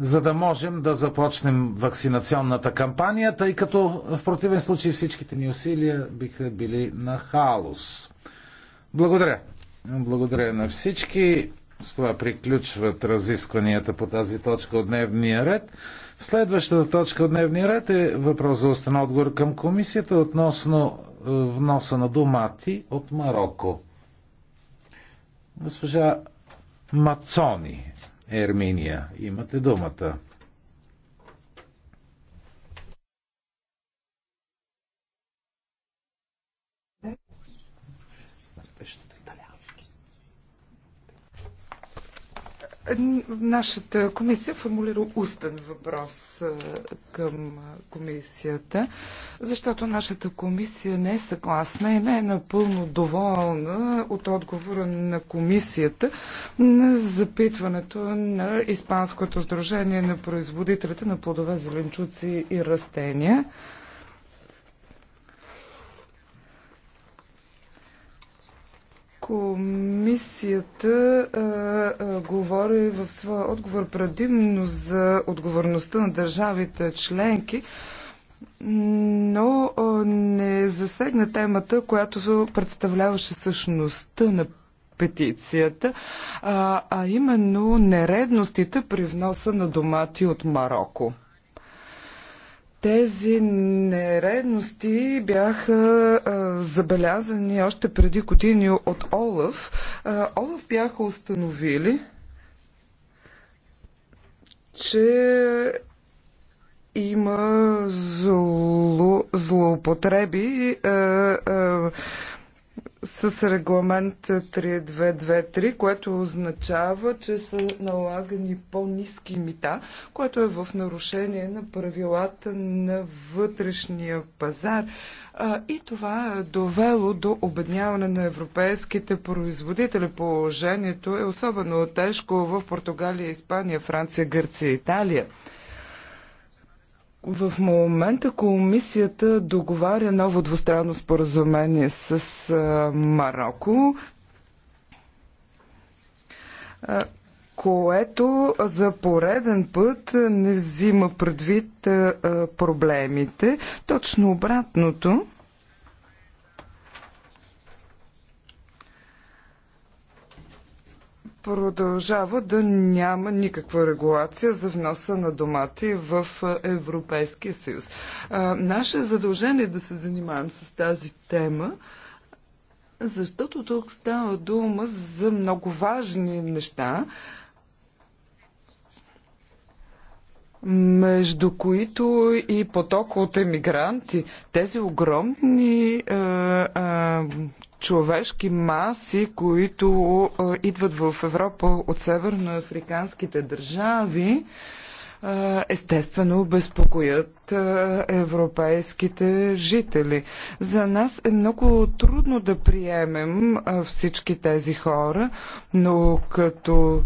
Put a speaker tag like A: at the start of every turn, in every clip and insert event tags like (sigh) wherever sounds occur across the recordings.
A: за да можем да започнем вакцинационната кампания, тъй като в противен случай всичките ни усилия биха били на халус. Благодаря. Благодаря на всички. С това приключват разискванията по тази точка от дневния ред. Следващата точка от дневния ред е въпрос за устен отговор към комисията относно е, вноса на домати от Марокко. Госпожа Мацони Ерминия. Имате думата.
B: Нашата комисия формулира устен въпрос към комисията, защото нашата комисия не е съгласна и не е напълно доволна от отговора на комисията на запитването на Испанското сдружение на производителите на плодове, зеленчуци и растения. Комисията а, а, говори в своя отговор предимно за отговорността на държавите членки, но а, не засегна темата, която представляваше същността на петицията, а, а именно нередностите при вноса на домати от Марокко. Тези нередности бяха а, забелязани още преди години от Олаф. А, Олаф бяха установили, че има зло, злоупотреби. А, а, с регламент 3223, което означава, че са налагани по-низки мита, което е в нарушение на правилата на вътрешния пазар. И това е довело до обедняване на европейските производители. Положението е особено тежко в Португалия, Испания, Франция, Гърция, Италия. В момента комисията договаря ново двустранно споразумение с а, Марокко, а, което за пореден път не взима предвид а, проблемите. Точно обратното. продължава да няма никаква регулация за вноса на домати в Европейския съюз. Наше задължение е да се занимаем с тази тема, защото тук става дума за много важни неща, между които и поток от емигранти. Тези огромни е, е, човешки маси, които е, идват в Европа от северноафриканските държави, е, естествено безпокоят е, европейските жители. За нас е много трудно да приемем е, всички тези хора, но като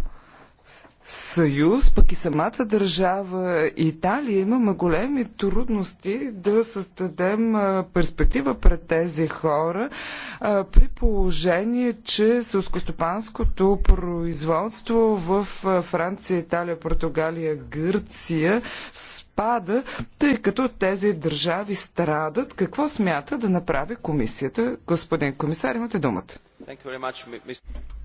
B: съюз, пък и самата държава Италия имаме големи трудности да създадем перспектива пред тези хора при положение, че селскостопанското производство в Франция, Италия, Португалия, Гърция пада, тъй като тези държави страдат. Какво смята да направи комисията? Господин комисар, имате думата.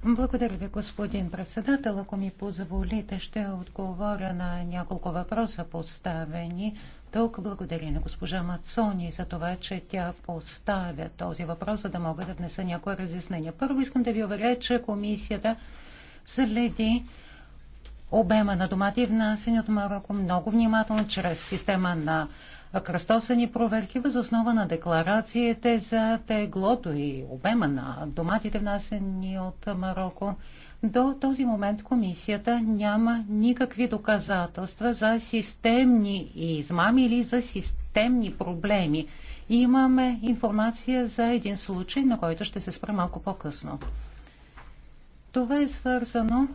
C: Благодаря ви, господин председател. Ако ми позволите, ще отговоря на няколко въпроса поставени. Тук благодаря на госпожа Мацони за това, че тя поставя този въпрос, за да мога да внеса някои разяснения. Първо искам да ви уверя, че комисията следи обема на домати, внасени от Марокко, много внимателно чрез система на кръстосани проверки въз основа на декларациите за теглото и обема на доматите, внасени от Марокко. До този момент комисията няма никакви доказателства за системни измами или за системни проблеми. Имаме информация за един случай, на който ще се спра малко по-късно. Това е свързано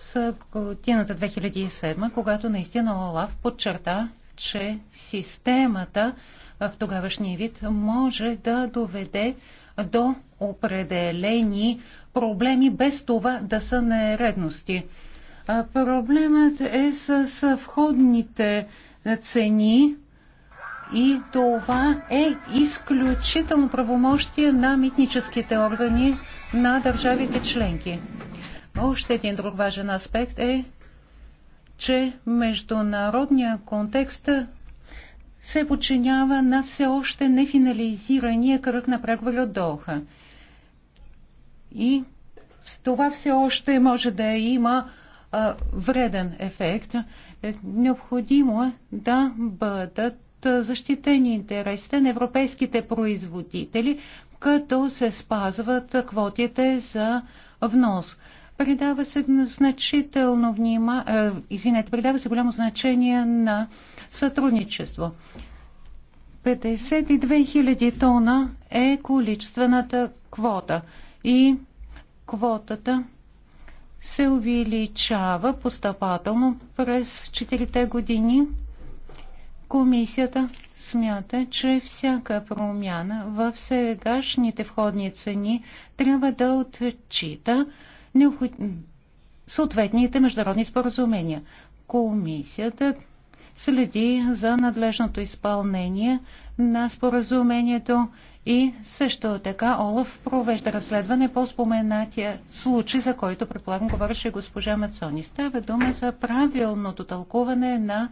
C: с годината 2007, когато наистина Олаф подчерта, че системата в тогавашния вид може да доведе до определени проблеми, без това да са нередности. Проблемът е с входните цени и това е изключително правомощие на митническите органи на държавите членки. Още един друг важен аспект е, че международния контекст се подчинява на все още нефинализирания кръг на преговори от Доха. И това все още може да има а, вреден ефект. Е, необходимо е да бъдат защитени интересите на европейските производители, като се спазват квотите за внос. Предава се значително внима, е, извинете, придава се голямо значение на сътрудничество. 52 000 тона е количествената квота и квотата се увеличава постъпателно през 4 години. Комисията смята, че всяка промяна в сегашните входни цени трябва да отчита необход... съответните международни споразумения. Комисията следи за надлежното изпълнение на споразумението и също така Олаф провежда разследване по споменатия случай, за който предполагам говореше госпожа Мацони. Става дума за правилното тълкуване на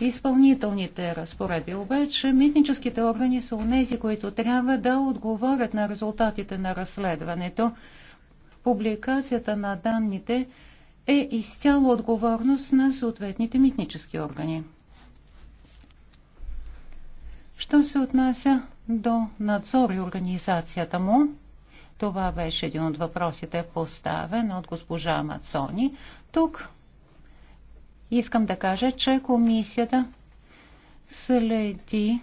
C: изпълнителните разпоредби. Обаче митническите органи са унези, които трябва да отговорят на резултатите на разследването публикацията на данните е изцяло отговорност на съответните митнически органи. Що се отнася до надзор и организацията му, това беше един от въпросите поставен от госпожа Мацони. Тук искам да кажа, че комисията следи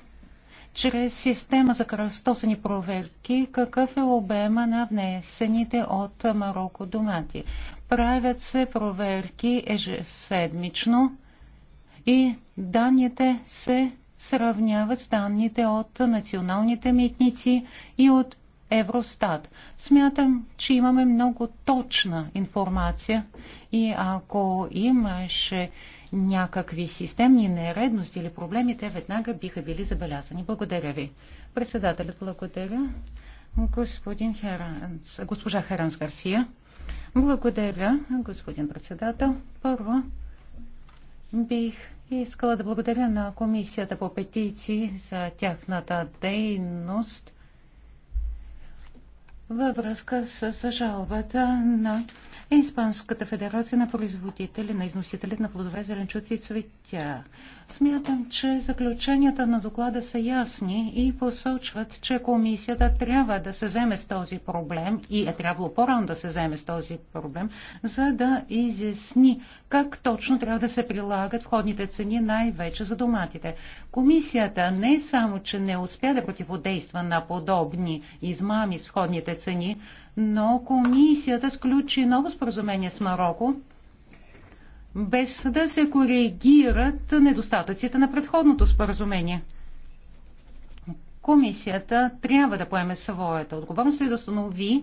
C: чрез система за кръстосани проверки какъв е обема на внесените от Марокко домати. Правят се проверки ежеседмично и данните се сравняват с данните от националните митници и от Евростат. Смятам, че имаме много точна информация и ако имаше някакви системни нередности или проблеми, те веднага биха били забелязани. Благодаря ви. Председателят благодаря. Господин Херанс, госпожа Херанс Гарсия. Благодаря, господин председател. Първо, бих искала да благодаря на Комисията по петиции за тяхната дейност във връзка с жалбата на е Испанската федерация на производители, на износители на плодове, зеленчуци и цветя. Смятам, че заключенията на доклада са ясни и посочват, че комисията трябва да се вземе с този проблем и е трябвало по-рано да се вземе с този проблем, за да изясни как точно трябва да се прилагат входните цени най-вече за доматите. Комисията не само, че не успя да противодейства на подобни измами с входните цени, но комисията сключи ново споразумение с Марокко, без да се коригират недостатъците на предходното споразумение. Комисията трябва да поеме своята отговорност и да установи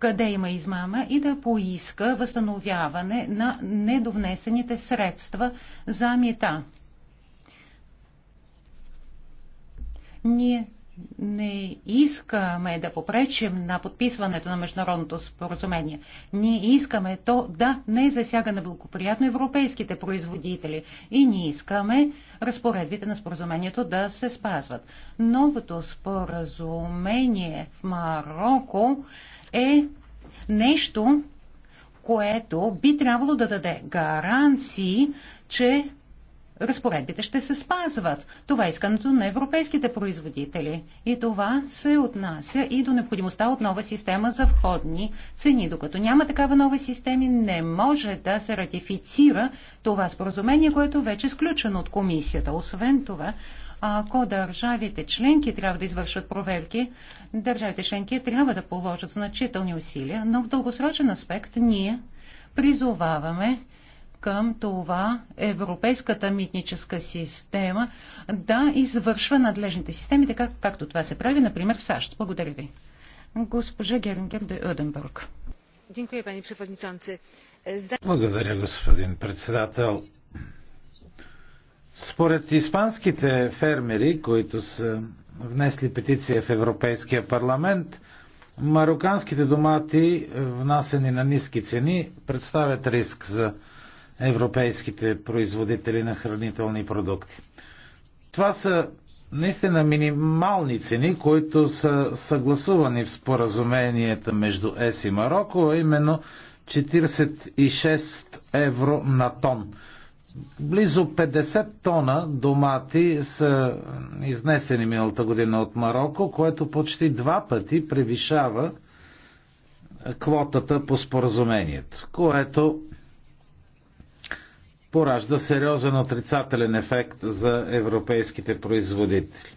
C: къде има измама и да поиска възстановяване на недовнесените средства за мита. Ние не искаме да попречим на подписването на международното споразумение. Ние искаме то да не засяга неблагоприятно европейските производители и ние искаме разпоредбите на споразумението да се спазват. Новото споразумение в Марокко е нещо, което би трябвало да даде гаранции, че разпоредбите ще се спазват. Това е искането на европейските производители. И това се отнася и до необходимостта от нова система за входни цени. Докато няма такава нова система, не може да се ратифицира това споразумение, което вече е сключено от комисията. Освен това, ако държавите членки трябва да извършват проверки, държавите членки трябва да положат значителни усилия, но в дългосрочен аспект ние призоваваме към това европейската митническа система да извършва надлежните системи, така както това се прави, например, в САЩ. Благодаря ви. Госпожа Герингер де Оденбург.
A: Благодаря, господин председател. Според испанските фермери, които са внесли петиция в Европейския парламент, мароканските домати, внасени на ниски цени, представят риск за европейските производители на хранителни продукти. Това са наистина минимални цени, които са съгласувани в споразуменията между ЕС и Марокко, а именно 46 евро на тон. Близо 50 тона домати са изнесени миналата година от Марокко, което почти два пъти превишава квотата по споразумението, което поражда сериозен отрицателен ефект за европейските производители.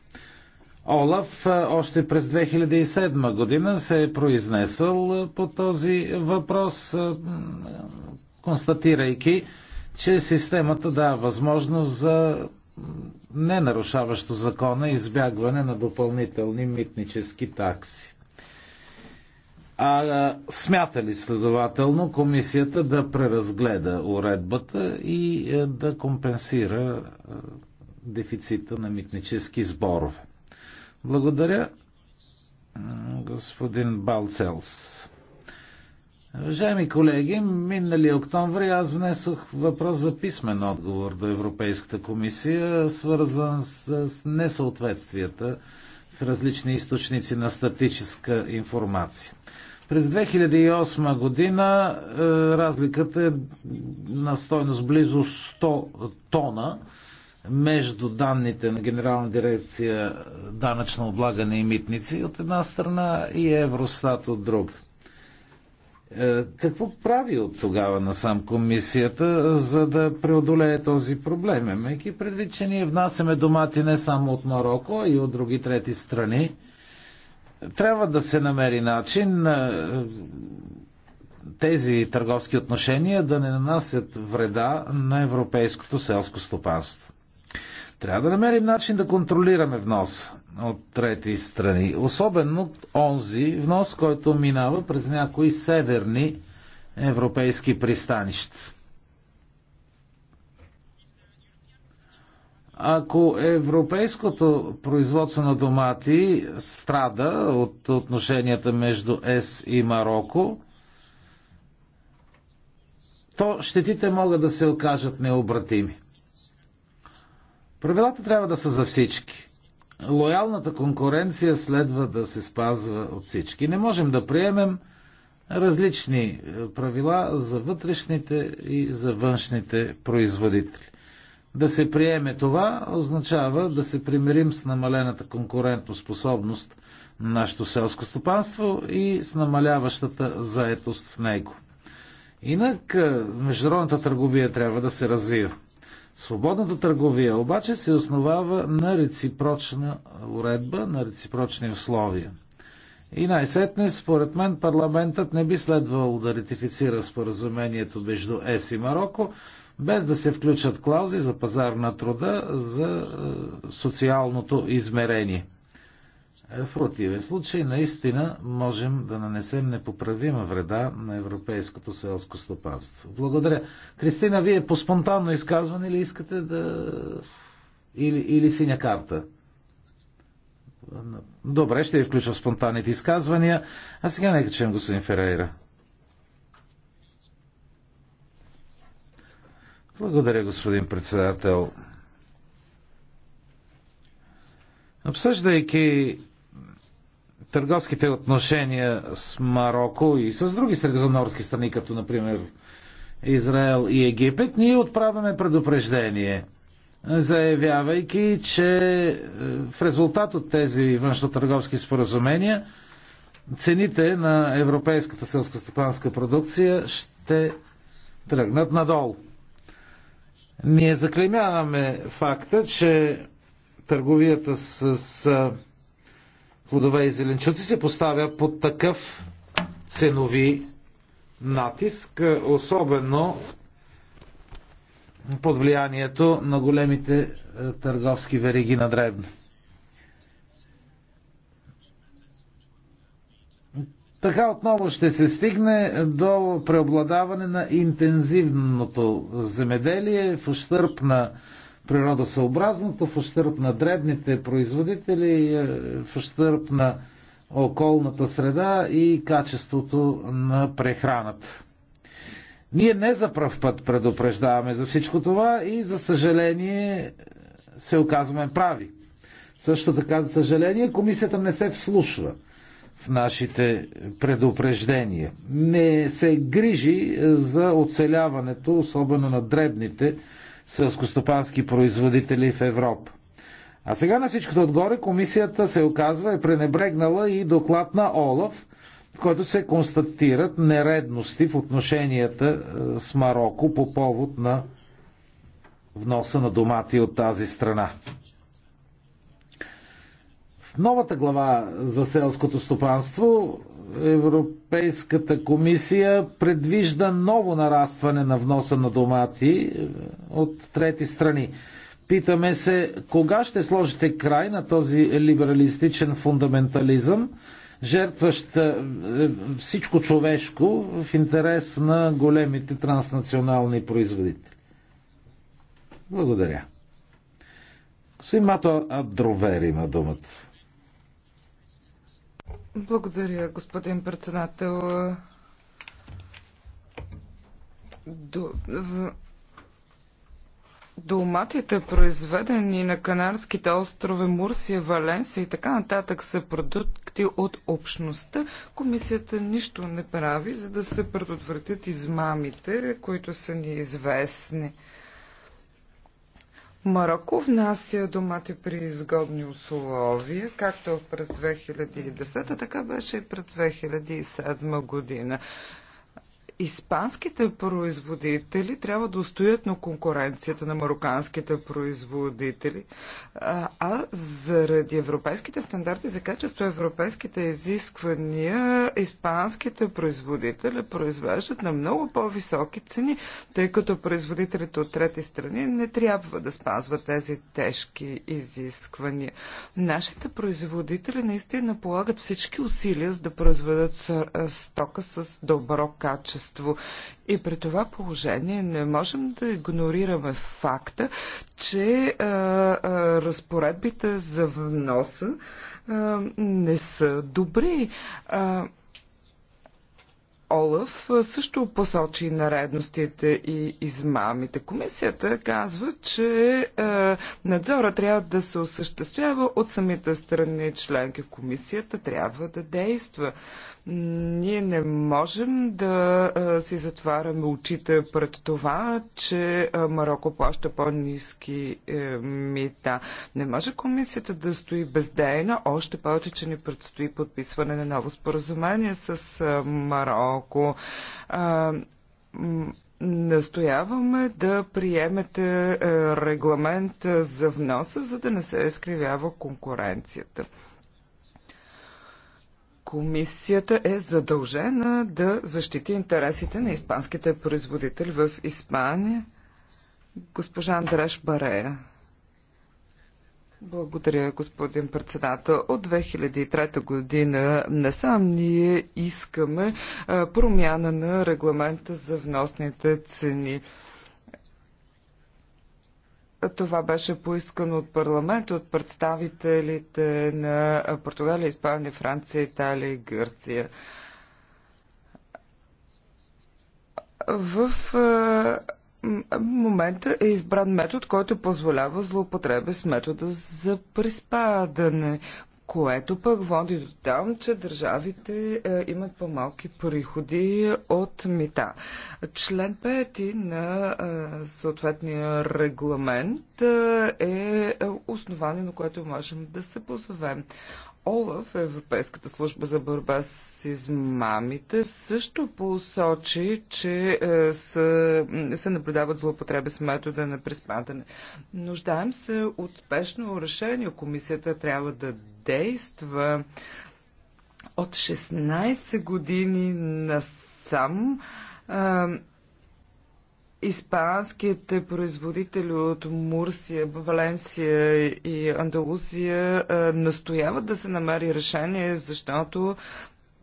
A: Олаф още през 2007 година се е произнесъл по този въпрос, констатирайки, че системата дава възможност за ненарушаващо закона избягване на допълнителни митнически такси. А смята ли следователно комисията да преразгледа уредбата и е, да компенсира е, дефицита на митнически сборове? Благодаря, господин Балцелс. Уважаеми колеги, минали октомври аз внесох въпрос за писмен отговор до Европейската комисия, свързан с несъответствията в различни източници на статическа информация. През 2008 година е, разликата е на стойност близо 100 тона между данните на Генерална дирекция данъчно облагане и митници от една страна и Евростат от друга. Е, какво прави от тогава насам комисията, за да преодолее този проблем? Меки предвид, че ние внасяме домати не само от Марокко, а и от други трети страни. Трябва да се намери начин е, тези търговски отношения да не нанасят вреда на европейското селско стопанство. Трябва да намерим начин да контролираме вноса от трети страни. Особено онзи внос, който минава през някои северни европейски пристанища. Ако европейското производство на домати страда от отношенията между ЕС и Марокко, то щетите могат да се окажат необратими. Правилата трябва да са за всички лоялната конкуренция следва да се спазва от всички. Не можем да приемем различни е, правила за вътрешните и за външните производители. Да се приеме това означава да се примирим с намалената конкурентоспособност на нашето селско стопанство и с намаляващата заетост в него. Инак е, международната търговия трябва да се развива. Свободната търговия обаче се основава на реципрочна уредба, на реципрочни условия. И най-сетне, според мен, парламентът не би следвал да ратифицира споразумението между ЕС и Марокко, без да се включат клаузи за пазар на труда за е, социалното измерение. В противен случай, наистина, можем да нанесем непоправима вреда на европейското селско стопанство. Благодаря. Кристина, вие по спонтанно изказване ли искате да... или, или синя карта? Добре, ще ви включа в спонтанните изказвания. А сега нека чуем господин Ферейра. Благодаря, господин председател. Обсъждайки търговските отношения с Марокко и с други средиземноморски страни, като например Израел и Египет, ние отправяме предупреждение, заявявайки, че е, в резултат от тези външно-търговски споразумения цените на европейската селскостопанска продукция ще тръгнат надолу. Ние заклемяваме факта, че търговията с плодове и зеленчуци се поставя под такъв ценови натиск, особено под влиянието на големите е, търговски вериги на дребно. Така отново ще се стигне до преобладаване на интензивното земеделие в ущърп на природосъобразното, в ущърп на дребните производители, е, в ущърп на околната среда и качеството на прехраната. Ние не за пръв път предупреждаваме за всичко това и за съжаление се оказваме прави. Също така, за съжаление, комисията не се вслушва в нашите предупреждения. Не се грижи е, за оцеляването, особено на дребните сълскостопански производители в Европа. А сега на всичкото отгоре комисията се оказва е пренебрегнала и доклад на Олаф, в който се констатират нередности в отношенията е, с Марокко по повод на вноса на домати от тази страна. В новата глава за селското стопанство Европейската комисия предвижда ново нарастване на вноса на домати е, от трети страни. Питаме се, кога ще сложите край на този либералистичен фундаментализъм, жертващ е, е, всичко човешко в интерес на големите транснационални производители? Благодаря. Симато Адровери Адровер има думата.
B: Благодаря, господин председател. До, Долматите, произведени на Канарските острови Мурсия, Валенсия и така нататък, са продукти от общността. Комисията нищо не прави, за да се предотвратят измамите, които са ни известни. Марокко внася домати при изгодни условия, както през 2010, така беше и през 2007 година. Испанските производители трябва да устоят на конкуренцията на мароканските производители, а, а заради европейските стандарти за качество, европейските изисквания, испанските производители произвеждат на много по-високи цени, тъй като производителите от трети страни не трябва да спазват тези тежки изисквания. Нашите производители наистина полагат всички усилия за да произведат стока с добро качество качество. И при това положение не можем да игнорираме факта, че а, а, разпоредбите за вноса а, не са добри. А, Олаф също посочи наредностите и измамите. Комисията казва, че е, надзора трябва да се осъществява от самите страни членки. Комисията трябва да действа. Ние не можем да е, си затваряме очите пред това, че е, Марокко плаща по-низки е, мита. Не може комисията да стои бездейна, още повече, че ни предстои подписване на ново споразумение с е, Марокко по-малко. Настояваме да приемете регламент за вноса, за да не се изкривява конкуренцията. Комисията е задължена да защити интересите на испанските производители в Испания. Госпожа Андреш Барея. Благодаря, господин председател. От 2003 година насам ние искаме промяна на регламента за вносните цени. Това беше поискано от парламент от представителите на Португалия, Испания, Франция, Италия и Гърция. В в момента е избран метод, който позволява злоупотреби с метода за приспадане, което пък води до там, че държавите е, имат по-малки приходи от мита. Член 5 на е, съответния регламент е, е основание, на което можем да се позовем. ОЛАФ, Европейската служба за борба с измамите, също посочи, че е, се наблюдават злоупотреби с метода на приспадане. Нуждаем се от спешно решение. Комисията трябва да действа от 16 години насам. Е, Испанските производители от Мурсия, Валенсия и Андалусия настояват да се намери решение, защото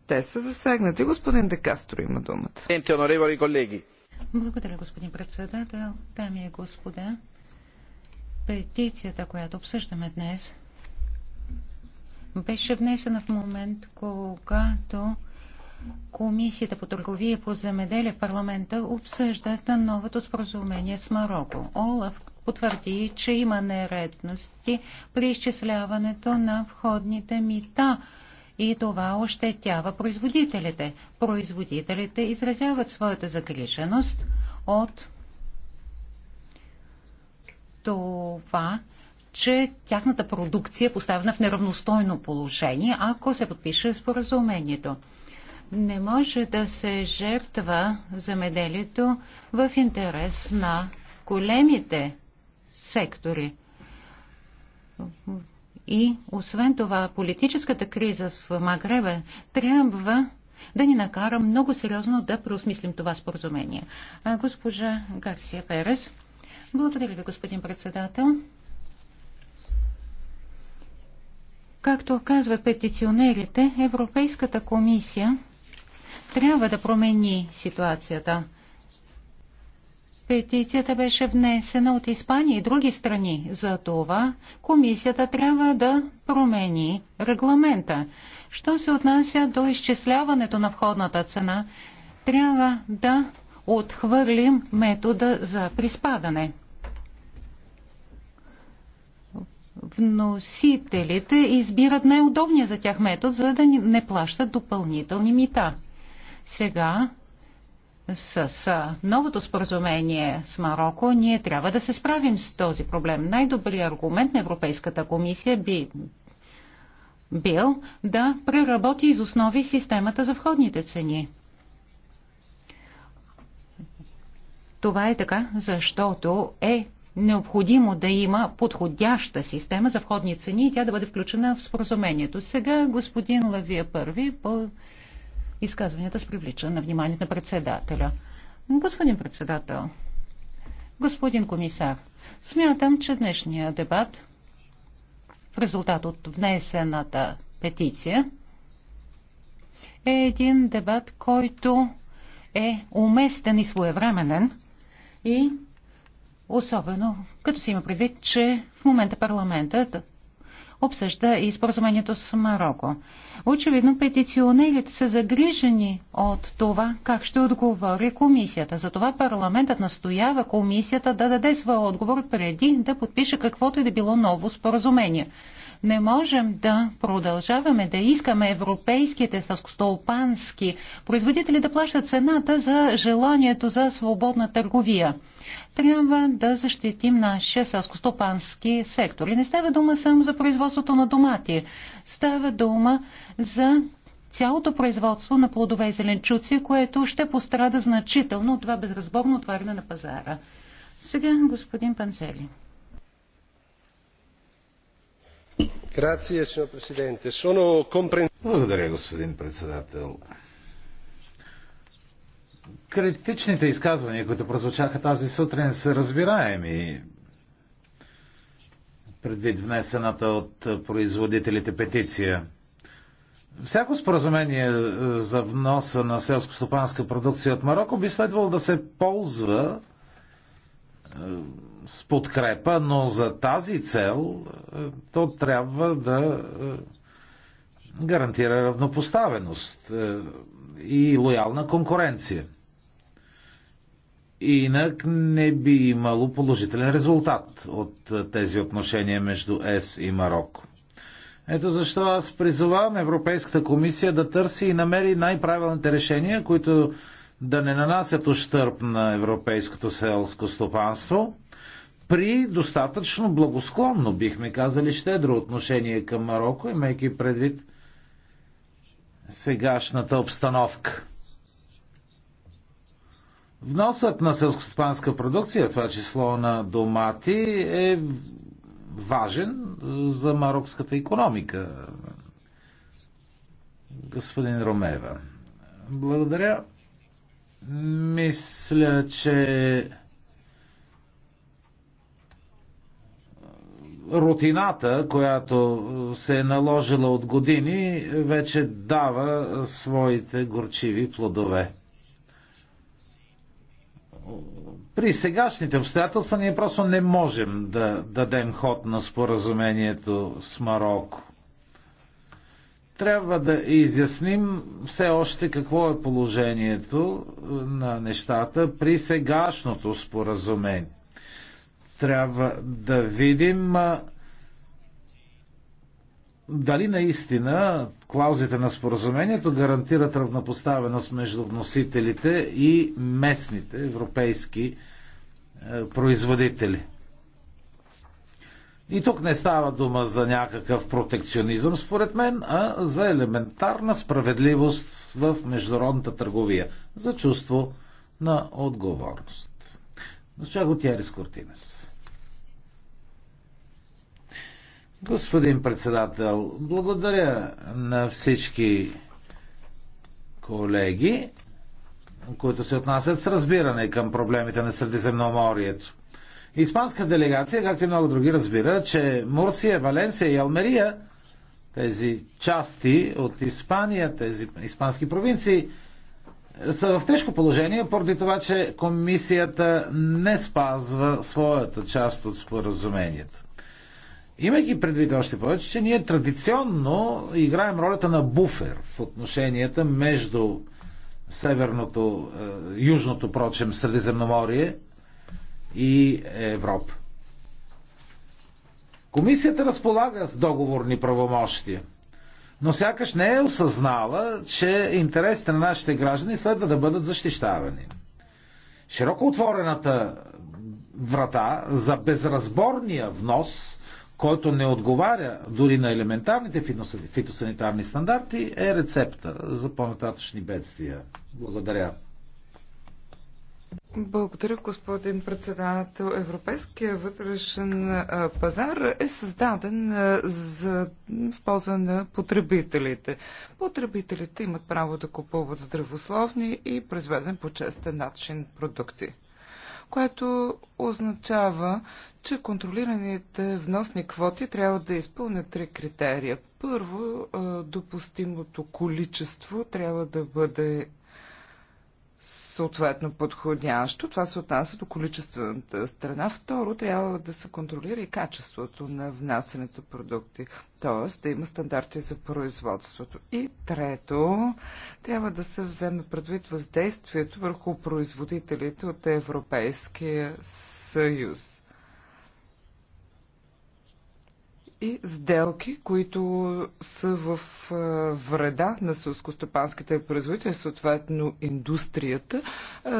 B: те са засегнати. Господин Декастро има
A: думата.
C: Благодаря, господин председател. Дами и господа, петицията, която обсъждаме днес, беше внесена в момент, когато Комисията по търговия по земеделие в парламента обсъждат новото споразумение с Марокко. Олаф потвърди, че има нередности при изчисляването на входните мита и това ощетява производителите. Производителите изразяват своята загриженост от това, че тяхната продукция е поставена в неравностойно положение, ако се подпише споразумението. Не може да се жертва замеделието в интерес на големите сектори. И освен това, политическата криза в Магреба трябва да ни накара много сериозно да преосмислим това споразумение. Госпожа Гарсия Перес. Благодаря ви, господин председател. Както казват петиционерите, Европейската комисия трябва да промени ситуацията. Петицията беше внесена от Испания и други страни. За това комисията трябва да промени регламента. Що се отнася до изчисляването на входната цена, трябва да отхвърлим метода за приспадане. Вносителите избират най-удобния за тях метод, за да не плащат допълнителни мита. Сега с новото споразумение с Марокко, ние трябва да се справим с този проблем. Най-добрият аргумент на Европейската комисия би бил да преработи из основи системата за входните цени. Това е така, защото е необходимо да има подходяща система за входни цени и тя да бъде включена в споразумението. Сега господин Лавия първи по изказванията с привличане на вниманието на председателя. Господин председател, господин комисар, смятам, че днешния дебат в резултат от внесената петиция е един дебат, който е уместен и своевременен и особено като се има предвид, че в момента парламентът обсъжда и споразумението с Марокко. Очевидно, петиционерите са загрижени от това, как ще отговори комисията. Затова парламентът настоява комисията да даде своя отговор преди да подпише каквото и да било ново споразумение. Не можем да продължаваме да искаме европейските съскостолпански производители да плащат цената за желанието за свободна търговия трябва да защитим нашия селскостопански сектор. И не става дума само за производството на домати. Става дума за цялото производство на плодове и зеленчуци, което ще пострада значително от това безразборно отваряне на пазара. Сега господин Панцели.
A: Благодаря, господин председател. Критичните изказвания, които прозвучаха тази сутрин, са разбираеми предвид внесената от производителите петиция. Всяко споразумение е, за вноса на селско-стопанска продукция от Марокко би следвало да се ползва е, с подкрепа, но за тази цел е, то трябва да гарантира равнопоставеност и лоялна конкуренция. Инак не би имало положителен резултат от тези отношения между ЕС и Марокко. Ето защо аз призовавам Европейската комисия да търси и намери най-правилните решения, които да не нанасят ущърп на европейското селско стопанство, при достатъчно благосклонно, бихме казали, щедро отношение към Марокко, имайки предвид сегашната обстановка. Вносът на селскостопанска продукция, това число на домати, е важен за марокската економика. Господин Ромева. Благодаря. Мисля, че рутината, която се е наложила от години, вече дава своите горчиви плодове. При сегашните обстоятелства ние просто не можем да дадем ход на споразумението с Марокко. Трябва да изясним все още какво е положението на нещата при сегашното споразумение трябва да видим дали наистина клаузите на споразумението гарантират равнопоставеност между вносителите и местните европейски е, производители. И тук не става дума за някакъв протекционизъм, според мен, а за елементарна справедливост в международната търговия, за чувство на отговорност. Госпожа Готиерис Кортинес. Господин председател, благодаря на всички колеги, които се отнасят с разбиране към проблемите на Средиземноморието. Испанска делегация, както и много други, разбира, че Мурсия, Валенсия и Алмерия, тези части от Испания, тези испански провинции, са в тежко положение, поради това, че комисията не спазва своята част от споразумението. Имайки предвид още повече, че ние традиционно играем ролята на буфер в отношенията между северното, е, южното, прочем, Средиземноморие и Европа. Комисията разполага с договорни правомощия, но сякаш не е осъзнала, че интересите на нашите граждани следва да бъдат защищавани. Широко отворената врата за безразборния внос който не отговаря дори на елементарните фитосанитарни стандарти, е рецепта за по-нататъчни бедствия. Благодаря.
B: Благодаря, господин председател. Европейския вътрешен пазар е създаден за, в полза на потребителите. Потребителите имат право да купуват здравословни и произведен по честен начин продукти което означава, че контролираните вносни квоти трябва да изпълнят три критерия. Първо, допустимото количество трябва да бъде съответно подходящо. Това се отнася до количествената страна. Второ, трябва да се контролира и качеството на внасените продукти, т.е. да има стандарти за производството. И трето, трябва да се вземе предвид въздействието върху производителите от Европейския съюз. и сделки, които са в вреда на сълскостопанските производители, съответно индустрията,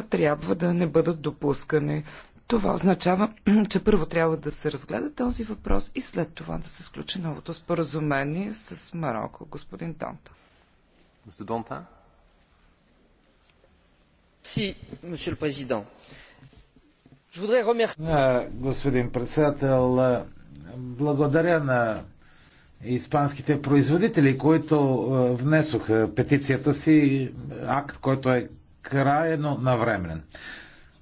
B: трябва да не бъдат допускани. Това означава, (clears throat) че първо трябва да се разгледа този въпрос и след това да се сключи новото споразумение с Марокко. Господин Тонта.
A: Господин Донта. Си, господин президент. Господин председател, благодаря на испанските производители, които е, внесоха петицията си, акт, който е крайно навременен.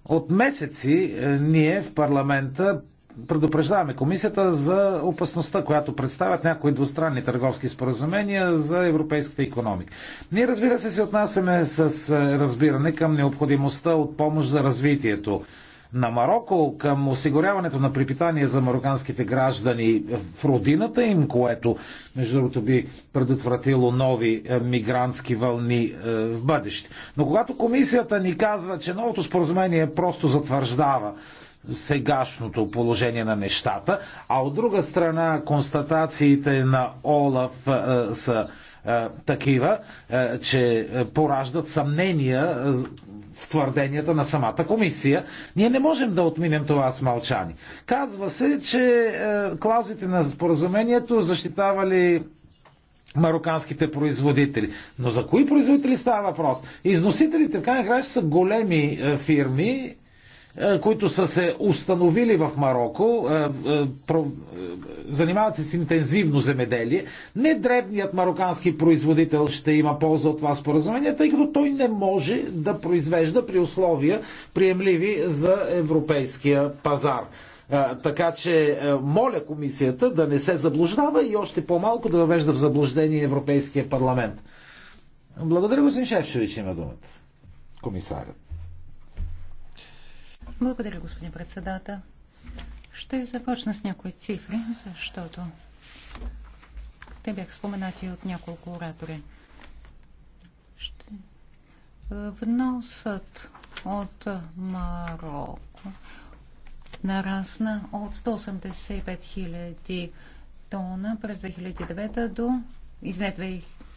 A: От месеци е, ние в парламента предупреждаваме комисията за опасността, която представят някои двустранни търговски споразумения за европейската економика. Ние, разбира се, се отнасяме с е, разбиране към необходимостта от помощ за развитието на Марокко към осигуряването на припитание за мароканските граждани в родината им, което, между другото, би предотвратило нови е, мигрантски вълни е, в бъдеще. Но когато комисията ни казва, че новото споразумение просто затвърждава сегашното положение на нещата, а от друга страна констатациите на Олаф е, са такива, че пораждат съмнения в твърденията на самата комисия. Ние не можем да отминем това с мълчани. Казва се, че е, клаузите на споразумението защитавали мароканските производители. Но за кои производители става въпрос? Износителите в крайна са големи е, фирми, е, които са се установили в Марокко, е, е, занимават се с интензивно земеделие. Не дребният марокански производител ще има полза от това споразумение, тъй като той не може да произвежда при условия приемливи за европейския пазар. Така че моля комисията да не се заблуждава и още по-малко да въвежда в заблуждение Европейския парламент. Благодаря, господин Шефчович, има думата. Комисарят.
C: Благодаря, господин председател. Ще започна с някои цифри, защото те бях споменати от няколко оратори. Ще... Вносът от Марокко нарасна от 185 000 тона през 2009 до извне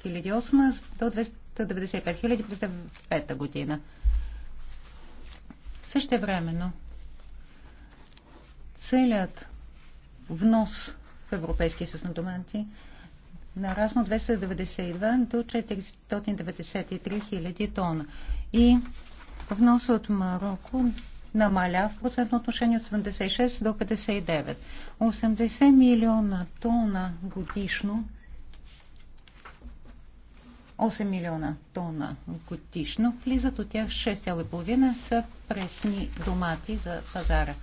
C: 2008 до 295 000 през 2005 година. Същевременно целият внос в Европейския съюз на домати нарасна от 292 до 493 хиляди тона. И внос от Марокко намаля в процентно отношение от 76 до 59. 80 милиона тона годишно 8 милиона тона годишно влизат, от тях 6,5 са пресни домати за пазара.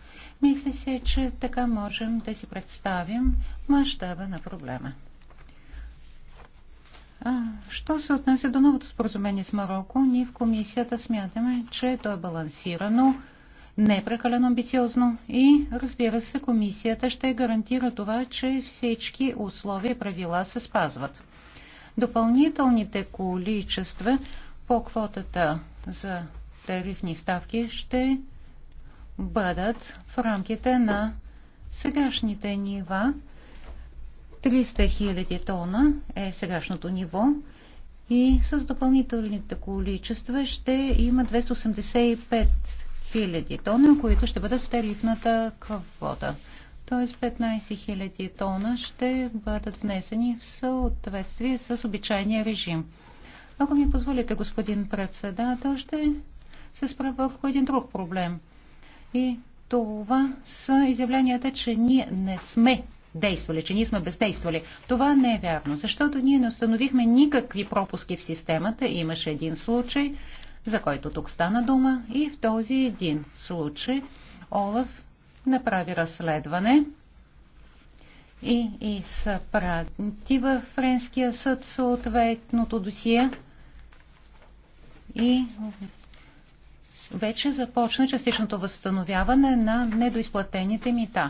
C: Мисли се, че така можем да си представим мащаба на проблема. А, що се отнася до новото споразумение с Марокко, ние в комисията смятаме, че то е балансирано, не е прекалено амбициозно и, разбира се, комисията ще гарантира това, че всички условия и правила се спазват. Допълнителните количества по квотата за тарифни ставки ще бъдат в рамките на сегашните нива. 300 000 тона е сегашното ниво и с допълнителните количества ще има 285 000 тона, които ще бъдат в тарифната квота т.е. 15 000 тона ще бъдат внесени в съответствие с обичайния режим. Ако ми позволите, господин председател, ще се спра върху един друг проблем. И това са изявленията, че ние не сме действали, че ние сме бездействали. Това не е вярно, защото ние не установихме никакви пропуски в системата. Имаше един случай, за който тук стана дума, и в този един случай Олаф направи разследване и изпрати във Френския съд съответното досие и вече започна частичното възстановяване на недоизплатените мита.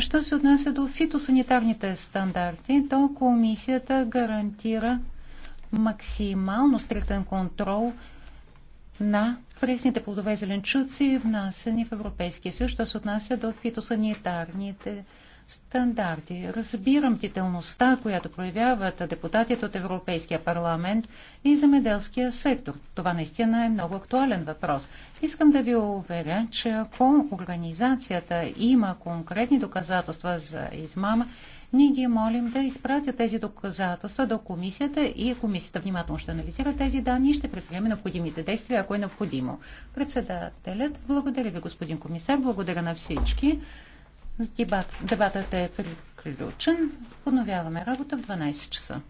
C: Що се отнася до фитосанитарните стандарти, то комисията гарантира максимално стриктен контрол на пресните плодове и зеленчуци, внасени в Европейския съюз, що се отнася до фитосанитарните стандарти. Разбирам тителността, която проявяват депутатите от Европейския парламент и земеделския сектор. Това наистина е много актуален въпрос. Искам да ви уверя, че ако организацията има конкретни доказателства за измама, ние ги молим да изпратят тези доказателства до комисията и комисията внимателно ще анализира тези данни и ще предприеме необходимите действия, ако е необходимо. Председателят, благодаря ви, господин комисар, благодаря на всички. Дебат, дебатът е приключен. Подновяваме работа в 12 часа.